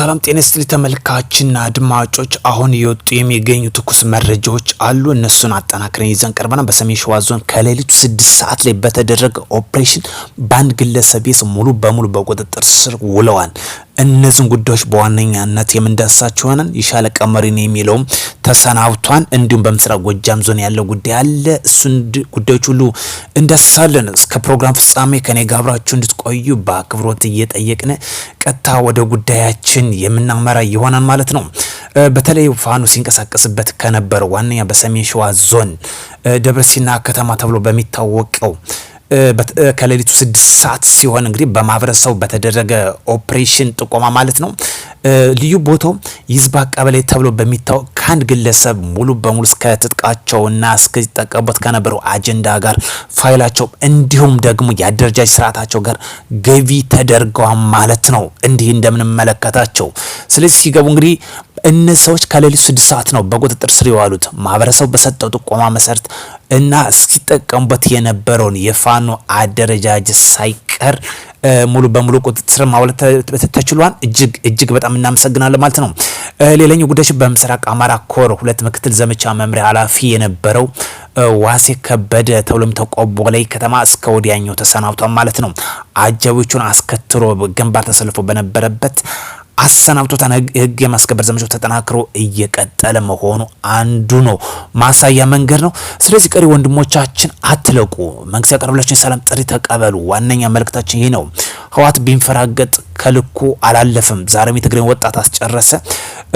ሰላም ጤና ስትል ተመልካችና አድማጮች፣ አሁን የወጡ የሚገኙ ትኩስ መረጃዎች አሉ። እነሱን አጠናክረን ይዘን ቀርበናል። በሰሜን ሸዋ ዞን ከሌሊቱ ስድስት ሰዓት ላይ በተደረገ ኦፕሬሽን በአንድ ግለሰብ ቤት ሙሉ በሙሉ በቁጥጥር ስር ውለዋል። እነዚህን ጉዳዮች በዋነኛነት የምንዳስሳቸው ይሆናል። የሻለቃ መሪ ነው የሚለውም ተሰናብቷን፣ እንዲሁም በምስራቅ ጎጃም ዞን ያለው ጉዳይ አለ። እሱን ጉዳዮች ሁሉ እንዳስሳለን። እስከ ፕሮግራም ፍጻሜ ከኔ ጋር አብራችሁ እንድትቆዩ በአክብሮት እየጠየቅን ቀጥታ ወደ ጉዳያችን የምናመራ ይሆናል ማለት ነው። በተለይ ፋኖ ሲንቀሳቀስበት ከነበረው ዋነኛ በሰሜን ሸዋ ዞን ደብረሲና ከተማ ተብሎ በሚታወቀው ከሌሊቱ ስድስት ሰዓት ሲሆን እንግዲህ በማህበረሰቡ በተደረገ ኦፕሬሽን ጥቆማ ማለት ነው ልዩ ቦታው ይዝባ ቀበሌ ተብሎ በሚታወቅ ከአንድ ግለሰብ ሙሉ በሙሉ እስከ ትጥቃቸውና እስከጠቀሙበት ከነበረው አጀንዳ ጋር ፋይላቸው እንዲሁም ደግሞ የአደረጃጅ ስርዓታቸው ጋር ገቢ ተደርገዋል ማለት ነው። እንዲህ እንደምንመለከታቸው ስለዚህ ሲገቡ እንግዲህ እነዚህ ሰዎች ከሌሊቱ ስድስት ሰዓት ነው በቁጥጥር ስር የዋሉት። ማህበረሰቡ በሰጠው ጥቆማ መሰረት እና ሲጠቀሙበት የነበረውን የፋኖ አደረጃጀት ሳይቀር ሙሉ በሙሉ ቁጥጥር ማውለት ተችሏል። እጅግ እጅግ በጣም እናመሰግናለን ማለት ነው። ሌላኛው ጉዳይ በምስራቅ አማራ ኮር ሁለት ምክትል ዘመቻ መምሪያ ኃላፊ የነበረው ዋሴ ከበደ ተብሎም ተቆቦ ላይ ከተማ እስከ ወዲያኛው ተሰናብቷል ማለት ነው። አጃቢዎቹን አስከትሎ ግንባር ተሰልፎ በነበረበት አሰናብቶታን። ህግ የማስከበር ዘመቻው ተጠናክሮ እየቀጠለ መሆኑ አንዱ ነው ማሳያ መንገድ ነው። ስለዚህ ቀሪ ወንድሞቻችን አትለቁ። መንግስት ያቀረበላችሁን የሰላም ጥሪ ተቀበሉ። ዋነኛ መልእክታችን ይህ ነው። ህወሓት ቢንፈራገጥ ከልኩ አላለፈም። ዛሬም የትግራይን ወጣት አስጨረሰ።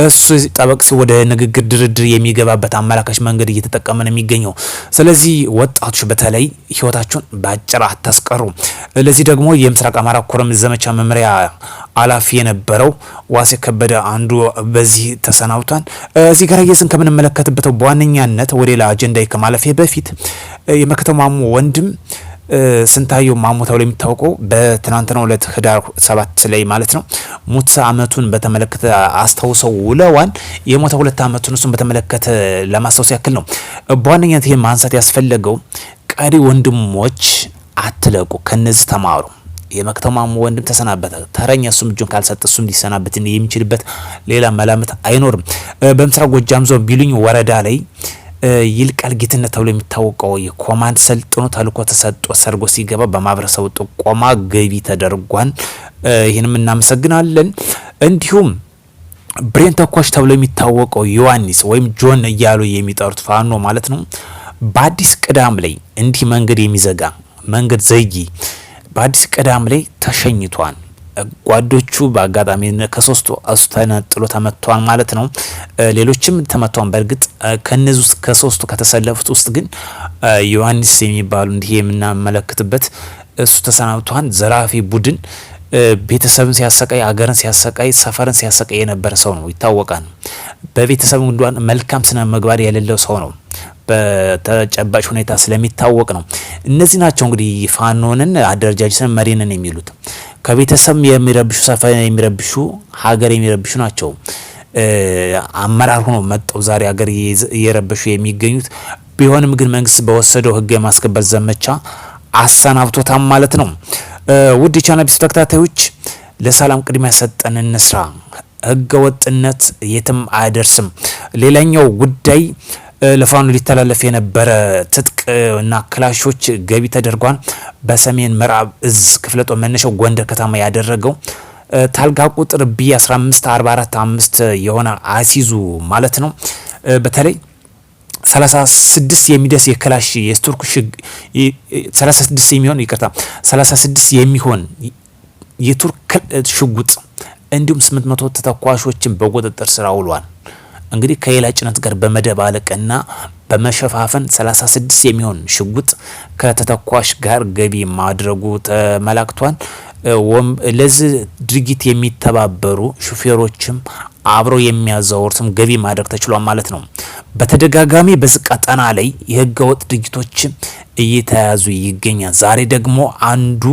እሱ ጠበቅስ ወደ ንግግር ድርድር የሚገባበት አመላካች መንገድ እየተጠቀመ ነው የሚገኘው። ስለዚህ ወጣቶች በተለይ ህይወታቸውን በአጭር አታስቀሩ። ለዚህ ደግሞ የምስራቅ አማራ ኮረም ዘመቻ መምሪያ አላፊ የነበረው ዋሴ ከበደ አንዱ በዚህ ተሰናብቷል። እዚህ ጋር እየዝን ከምንመለከትበት በዋነኛነት ወደ ሌላ አጀንዳ ከማለፌ በፊት የመከተማሙ ወንድም ስንታየው ማሞ ተብሎ የሚታወቀው በትናንትናው ዕለት ህዳር ሰባት ላይ ማለት ነው ሙት አመቱን በተመለከተ አስታውሰው ውለዋል። የሞተ ሁለት አመቱን እሱን በተመለከተ ለማስታወስ ያክል ነው። በዋነኛነት ይህን ማንሳት ያስፈለገው ቀሪ ወንድሞች አትለቁ፣ ከነዚህ ተማሩ። የመክተማሙ ወንድም ተሰናበተ፣ ተረኛ እሱም እጁን ካልሰጠ እሱም ሊሰናበት የሚችልበት ሌላ መላምት አይኖርም። በምስራቅ ጎጃም ዞን ቢሉኝ ወረዳ ላይ ይልቃል ጌትነት ተብሎ የሚታወቀው የኮማንድ ሰልጥኖ ተልኮ ተሰጦ ሰርጎ ሲገባ በማህበረሰቡ ጥቆማ ገቢ ተደርጓል። ይህንም እናመሰግናለን። እንዲሁም ብሬን ተኳሽ ተብሎ የሚታወቀው ዮሐንስ ወይም ጆን እያሉ የሚጠሩት ፋኖ ማለት ነው። በአዲስ ቅዳም ላይ እንዲህ መንገድ የሚዘጋ መንገድ ዘጊ በአዲስ ቅዳም ላይ ተሸኝቷል። ጓዶቹ በአጋጣሚ ከሶስቱ እሱ ተነጥሎ ተመቷል ማለት ነው። ሌሎችም ተመቷን። በእርግጥ ከነዚህ ውስጥ ከሶስቱ ከተሰለፉት ውስጥ ግን ዮሐንስ የሚባሉ እንዲህ የምናመለክትበት እሱ ተሰናብቷን ዘራፊ ቡድን ቤተሰብን ሲያሰቃይ፣ ሀገርን ሲያሰቃይ፣ ሰፈርን ሲያሰቃይ የነበረ ሰው ነው ይታወቃል። በቤተሰብ እንዷን መልካም ስነ ምግባር የሌለው ሰው ነው። በተጨባጭ ሁኔታ ስለሚታወቅ ነው። እነዚህ ናቸው እንግዲህ ፋኖንን አደረጃጀትን መሪንን የሚሉት። ከቤተሰብ የሚረብሹ ሰፈር የሚረብሹ ሀገር የሚረብሹ ናቸው። አመራር ሆኖ መጠው ዛሬ ሀገር እየረበሹ የሚገኙት ቢሆንም ግን መንግስት በወሰደው ህግ የማስከበር ዘመቻ አሰናብቶታል ማለት ነው። ውድ የቻናል ቢስ ተከታታዮች ለሰላም ቅድሚያ ሰጠን እንስራ። ህገ ወጥነት የትም አያደርስም። ሌላኛው ጉዳይ ለፋኑ ሊተላለፍ የነበረ ትጥቅ እና ክላሾች ገቢ ተደርጓል። በሰሜን ምዕራብ እዝ ክፍለ ጦር መነሻው ጎንደር ከተማ ያደረገው ታልጋ ቁጥር ቢ 15 የሆነ አሲዙ ማለት ነው። በተለይ 36 የሚደርስ የክላሽ የስቱርክ ሽግ 36 የሚሆን ይቅርታ 36 የሚሆን የቱርክ ሽጉጥ እንዲሁም 800 ተተኳሾችን በቁጥጥር ስር አውሏል። እንግዲህ ከሌላ ጭነት ጋር በመደባለቅና በመሸፋፈን 36 የሚሆን ሽጉጥ ከተተኳሽ ጋር ገቢ ማድረጉ ተመላክቷል። ለዚህ ድርጊት የሚተባበሩ ሹፌሮችም አብረው የሚያዘወሩትም ገቢ ማድረግ ተችሏል ማለት ነው። በተደጋጋሚ በዚህ ቀጠና ላይ የህገወጥ ድርጊቶች እየተያዙ ይገኛል። ዛሬ ደግሞ አንዱ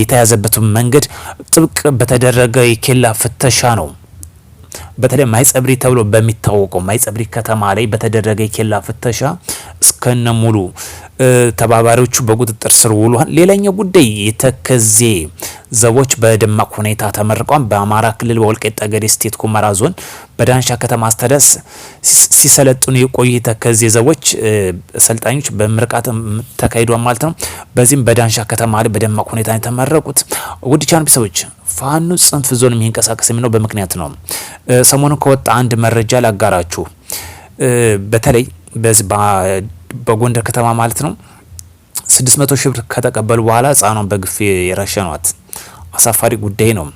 የተያዘበት መንገድ ጥብቅ በተደረገ የኬላ ፍተሻ ነው። በተለይ ማይጸብሪ ተብሎ በሚታወቀው ማይጸብሪ ከተማ ላይ በተደረገ የኬላ ፍተሻ እስከነ ሙሉ ተባባሪዎቹ በቁጥጥር ስር ውሏል። ሌላኛው ጉዳይ የተከዜ ዘቦች በደማቅ ሁኔታ ተመርቀዋል። በአማራ ክልል በወልቃይት ጠገዴ ሰቲት ሁመራ ዞን በዳንሻ ከተማ አስተዳደር ሲሰለጥኑ የቆዩ የተከዜ ዘቦች ሰልጣኞች በምርቃት ተካሂዷል ማለት ነው። በዚህም በዳንሻ ከተማ ላይ በደማቅ ሁኔታ የተመረቁት ውድቻን ቢሰዎች ፋኖ ጽንፍ ዞን የሚንቀሳቀስ የሚለው በምክንያት ነው። ሰሞኑን ከወጣ አንድ መረጃ ላጋራችሁ። በተለይ በጎንደር ከተማ ማለት ነው 600 መቶ ሺህ ብር ከተቀበሉ በኋላ ህፃኗን በግፍ የረሸኗት አሳፋሪ ጉዳይ ነው።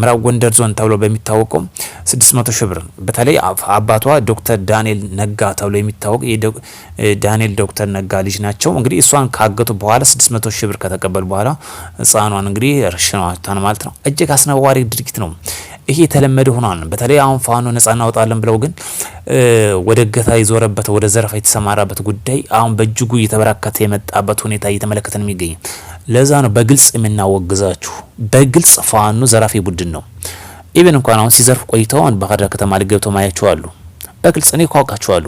ምዕራብ ጎንደር ዞን ተብሎ በሚታወቀው 600 ሺህ ብር በተለይ አባቷ ዶክተር ዳንኤል ነጋ ተብሎ የሚታወቅ ዳንኤል ዶክተር ነጋ ልጅ ናቸው። እንግዲህ እሷን ካገቱ በኋላ 600 ሺህ ብር ከተቀበሉ በኋላ ህጻኗን እንግዲህ ረሽነዋታን ማለት ነው። እጅግ አስነዋሪ ድርጊት ነው። ይሄ የተለመደ ሆኗል። በተለይ አሁን ፋኖ ነጻ እናወጣለን ብለው ግን ወደ እገታ የዞረበት ወደ ዘረፋ የተሰማራበት ጉዳይ አሁን በእጅጉ እየተበራከተ የመጣበት ሁኔታ እየተመለከተን የሚገኝ ለዛ ነው በግልጽ የምናወግዛችሁ። በግልጽ ፋኖ ዘራፊ ቡድን ነው። ኢቨን እንኳን አሁን ሲዘርፍ ቆይተው ባህር ዳር ከተማ ማያቸው አሉ። በግልጽ እኔ ካውቃችኋሉ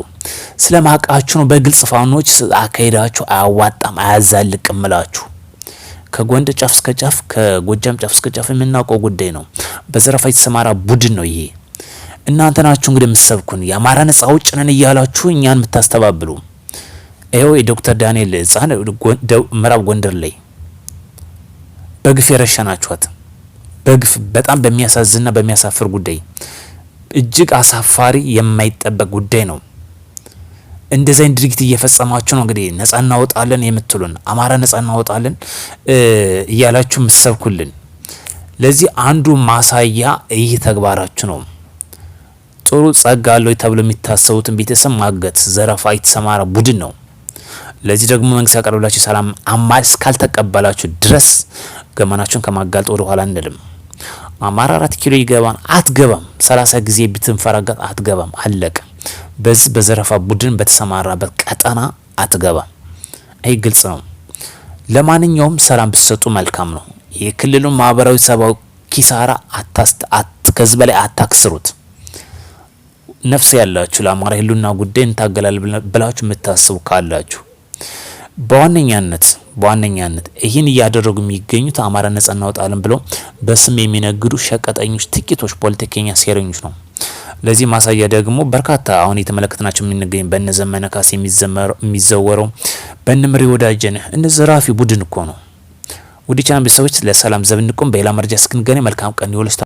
ስለማቃችሁ ነው። በግልጽ ፋኖች አካሄዳችሁ አያዋጣም፣ አያዛልቅምላችሁ ከጎንደር ጫፍ እስከ ጫፍ ከጎጃም ጫፍ እስከ ጫፍ የምናውቀው ጉዳይ ነው። በዘረፋ የተሰማራ ቡድን ነው ይሄ። እናንተ ናችሁ እንግዲህ የምትሰብኩን የአማራ ነጻ አውጭ ነን እያላችሁ እኛን የምታስተባብሉ። ይኸው የዶክተር ዳንኤል ህጻን ምዕራብ ጎንደር ላይ በግፍ የረሸናችኋት በግፍ በጣም በሚያሳዝንና በሚያሳፍር ጉዳይ እጅግ አሳፋሪ የማይጠበቅ ጉዳይ ነው። እንደዚህ አይነት ድርጊት እየፈጸማችሁ ነው እንግዲህ ነጻ እናወጣለን የምትሉን አማራ ነጻ እናወጣለን እያላችሁ የምትሰብኩልን ለዚህ አንዱ ማሳያ ይህ ተግባራችሁ ነው። ጥሩ ጸጋ አለው ተብሎ የሚታሰቡትን ቤተሰብ ማገት፣ ዘረፋ የተሰማረ ቡድን ነው። ለዚህ ደግሞ መንግስት ያቀረብላችሁ ሰላም አማር እስካልተቀበላችሁ ድረስ ገመናችሁን ከማጋለጥ ወደ ኋላ አንልም። አማራ አራት ኪሎ ይገባን አትገባም፣ ሰላሳ ጊዜ ብትንፈራገጥ አትገባም። አለቀ። በዚህ በዘረፋ ቡድን በተሰማራበት ቀጠና አትገባም። ይህ ግልጽ ነው። ለማንኛውም ሰላም ብትሰጡ መልካም ነው። የክልሉን ማህበራዊ ሰብአዊ ኪሳራ ከዚህ በላይ አታክስሩት። ነፍስ ያላችሁ ለአማራ ህሉና ጉዳይ እንታገላል ብላችሁ የምታስቡ ካላችሁ በዋነኛነት በዋነኛነት ይህን እያደረጉ የሚገኙት አማራ ነጻ እናወጣለን ብለው በስም የሚነግዱ ሸቀጠኞች፣ ጥቂቶች ፖለቲከኛ፣ ሴረኞች ነው። ለዚህ ማሳያ ደግሞ በርካታ አሁን የተመለከትናቸው የምንገኝ በነ ዘመነ ካሴ የሚዘወረው በነ ምሪ ወዳጀን እነ ዘራፊ ቡድን እኮ ነው። ውድ ቻናል ቤተሰቦች ለሰላም ዘብንቆም በሌላ መረጃ እስክንገናኝ መልካም ቀን ይሁንላችሁ።